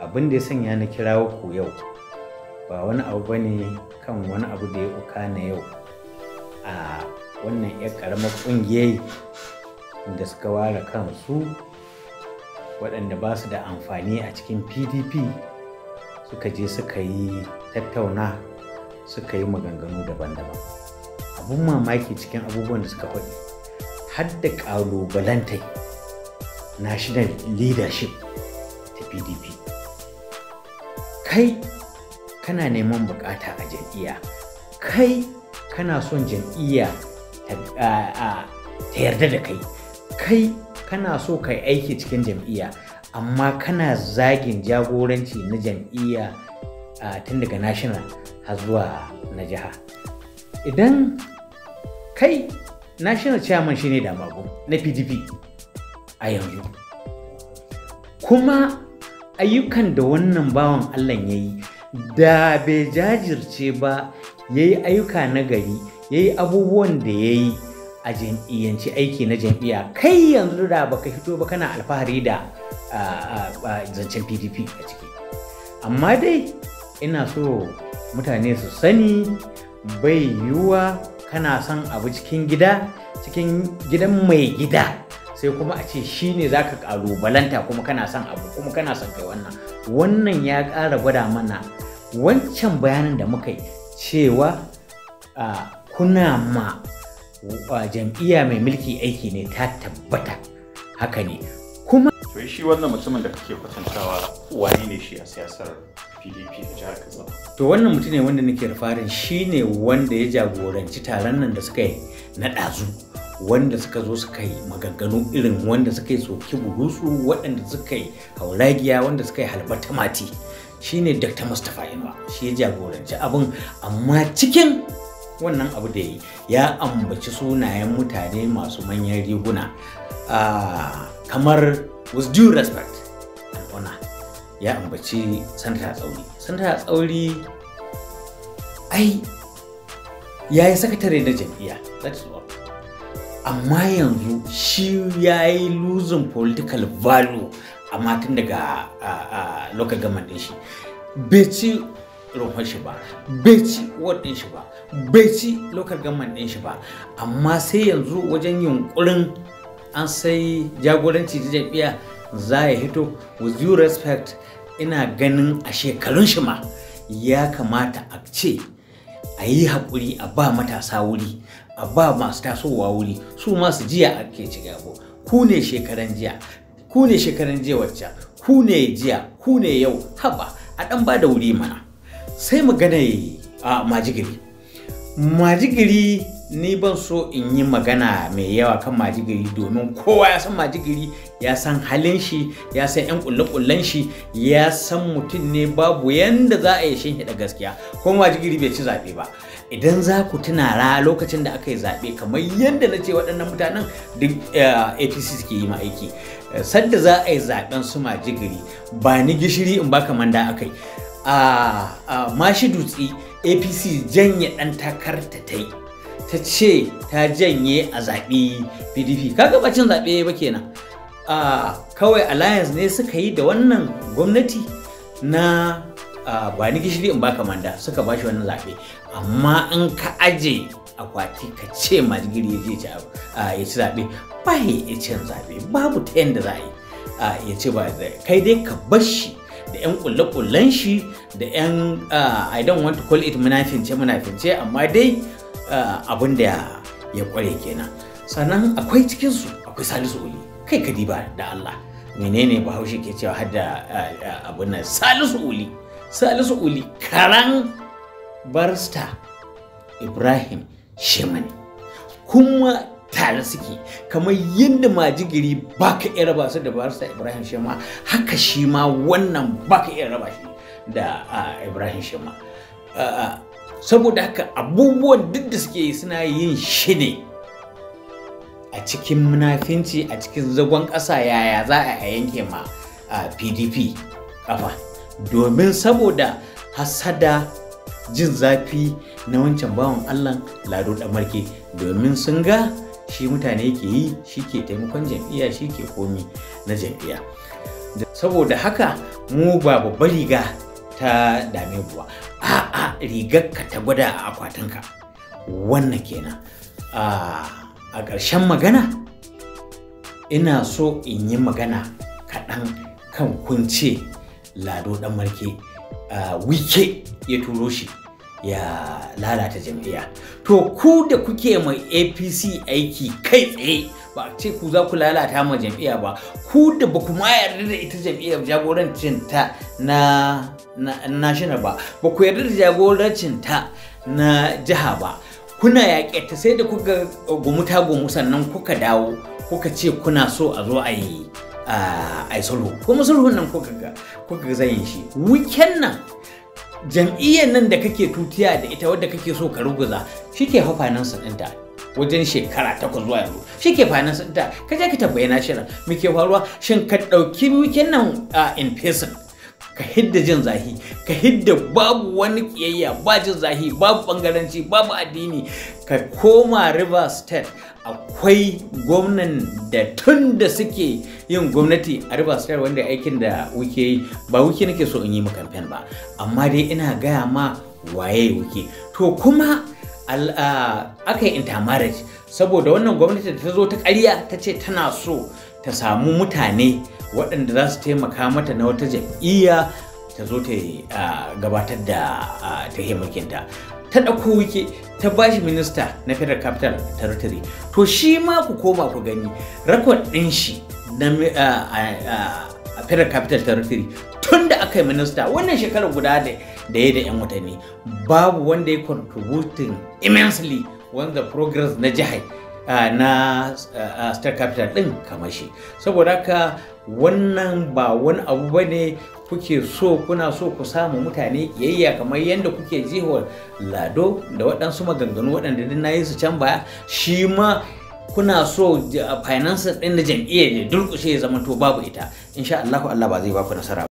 abin da ya sanya na kira ku yau ba wani abu ba ne kan wani abu da ya uka na yau a wannan 'yar ƙaramar ƙungiyar da suka ware kansu waɗanda ba su da amfani a cikin pdp suka je suka yi tattauna suka yi maganganu daban-daban abun mamaki cikin abubuwan da suka faɗi har da ƙalubalantai national leadership ta pdp kai kana neman bukata a jam'iyya kai kana son jam'iyya ta yarda da kai kai kana so ka yi aiki cikin jam'iyya amma kana zagin jagoranci na jam'iyya tun daga national har zuwa na jiha idan kai national chairman shine da damago na pdp a yanzu kuma ayyukan da wannan bawan Allah ya yi da bai jajirce ba ya yi ayyuka na gari ya yi abubuwan da ya yi a jam'iyyanci aiki na jam'iyya kai yanzu da ba ka fito ba kana alfahari da zancen pdp a ciki amma dai ina so mutane su sani bai yiwuwa kana son abu cikin gida cikin gidan mai gida sai kuma a ce shi ne za ka ƙalubalanta kuma kana son abu kuma kana son kai wannan wannan ya ƙara gwada mana wancan bayanin da muka yi cewa kuna ma jam'iyya mai mulki aiki ne ta tabbata haka ne kuma shi wannan mutumin da kake kwatantawa wani ne shi a siyasar pdp da jihar katsina to wannan mutum ne wanda nake farin shi ne wanda ya jagoranci taron nan da suka yi na ɗazu wanda suka zo suka yi maganganu irin wanda suka yi soki burusu waɗanda suka yi hauragiya, wanda suka yi halbata mati shine dr mustapha inuwa shi ya jagoranci abin amma cikin wannan abu da ya yi ya ambaci sunayen mutane masu manyan riguna ah, kamar with due respect ya ambaci sanata tsauri sanata tsauri ai ya yi sakatare na jam'iyya that's all amma yanzu shi ya yi losing political value a matan daga local government din shi bai ci rumfar shi ba bai ci ward din shi ba bai ci local government din shi ba amma sai yanzu wajen yunkurin an sai jagoranci ta jam'iyya za ya hito with due respect ina ganin a shekarun shi ma ya kamata a ce a yi haƙuri a ba matasa wuri a ba masu tasowa wuri su masu jiya ke ci gabo ku ne shekaran jiya ku ne shekaran jiya wacce ku ne jiya ku ne yau haba a ɗan ba da wuri mana sai mu gane a majigiri majigiri ni ban so in yi magana mai yawa kan majigiri domin kowa ya san majigiri ya san halin shi ya san yan kulle-kullen shi ya san mutum ne babu yadda za a yi shin hida gaskiya ko majigiri bai ci zaɓe ba idan za ku tuna ra lokacin da aka yi zaɓe kamar yadda na ce waɗannan mutanen duk eh, apc suke yi ma aiki sadda za a yi zaɓen su majigiri ba ni gishiri in baka manda aka yi a ah, ah, mashi dutse apc janye ɗan takarta ta yi ta ce ta janye a zaɓi pdp kaga bacin zaɓe ba kenan a kawai alliance ne suka yi da wannan gwamnati na ba gishiri in baka manda suka ba shi wannan zaɓe amma in ka aje akwati ka ce majigiri ya je ya ci zaɓe ba ya cin zaɓe babu ta yadda za a yi ya ce ba kai dai ka bar shi da 'yan kulle-kullen shi da 'yan i don't want to call it munafince munafince amma dai Eh, abin da ya kware kenan sannan akwai cikinsu akwai salisu uli kai ka diba da Allah menene bahaushe ke cewa hadda eh, eh, abin nan salisu uli salisu uli karan barista ibrahim shemani kuma tare suke kamar yadda majigiri baka iya raba su da barista ibrahim shema haka shi ma wannan baka iya raba shi da ibrahim shema saboda haka abubuwan duk da suke yi suna yin shi ne a cikin munafinci a cikin zagon ƙasa yaya za a yanke ma a pdp kafa domin saboda hasada jin zafi na wancan bawan allah lado da damarke domin sun ga shi mutane ke yi shi ke taimakon jam'iyya shi ke komi na jam'iyya saboda haka mu ba babbar riga ta dame buwa a'a rigarka ta gwada a akwatinka wannan kenan a ƙarshen magana ina so in yi magana kaɗan kan kunce lado ɗan marke wike ya turo shi ya lalata jam'iyya to ku da kuke mai apc aiki kai tsaye ba a ce ku za ku lalata ma jam'iyya ba ku da ba ku ma yarda da ita jam'iyyar jagorancin ta na national ba ba ku yarda da jagorancin ta na jiha ba kuna yaƙe ta sai da kuka gumuta gumu sannan kuka dawo kuka ce kuna so a zo a yi a sulhu kuma sulhun nan kuka ga kuka zayin shi wikin nan jam'iyyar nan da kake tutiya da ita wadda kake so ka ruguza shi ke hafa nan ɗinta wajen shekara takwas zuwa yanzu shi ke finance ɗinta ka je ka tabbayi na shirin muke faruwa shin ka ɗauki wikin nan in person ka hidda jin zahi ka hidda babu wani kiyayya ba jin zahi babu bangaranci babu addini ka koma river state akwai gwamnan da tun da suke yin gwamnati a river state wanda aikin da wuke yi ba wuke nake so in yi ma kamfen ba amma dai ina gaya ma waye wuke to kuma aka yi intermarriage saboda wannan gwamnati da ta zo ta ƙarya ta ce tana so ta samu mutane waɗanda za su taimaka mata na wata jam'iyya ta zo ta gabatar da ta ta ɗauko wike ta bashi minista na federal capital territory to shi ma ku koma ku gani rakon ɗin shi na federal capital territory tun da aka yi minista wannan shekarar guda da da ya da 'yan watanni babu wanda ya contributing immensely the progress na jihar ah, na ah, ah, star capital din kamar shi saboda haka wannan ba wani abu ba ne kuke so kuna so ku samu mutane yayya kamar yadda kuke jihar lado da waɗansu maganganu waɗanda na yi su can baya shi ma kuna so finances ɗin da jam'iyyar ne durƙushe ya zama to babu ita insha Allah Allah ba zai ba ku nasara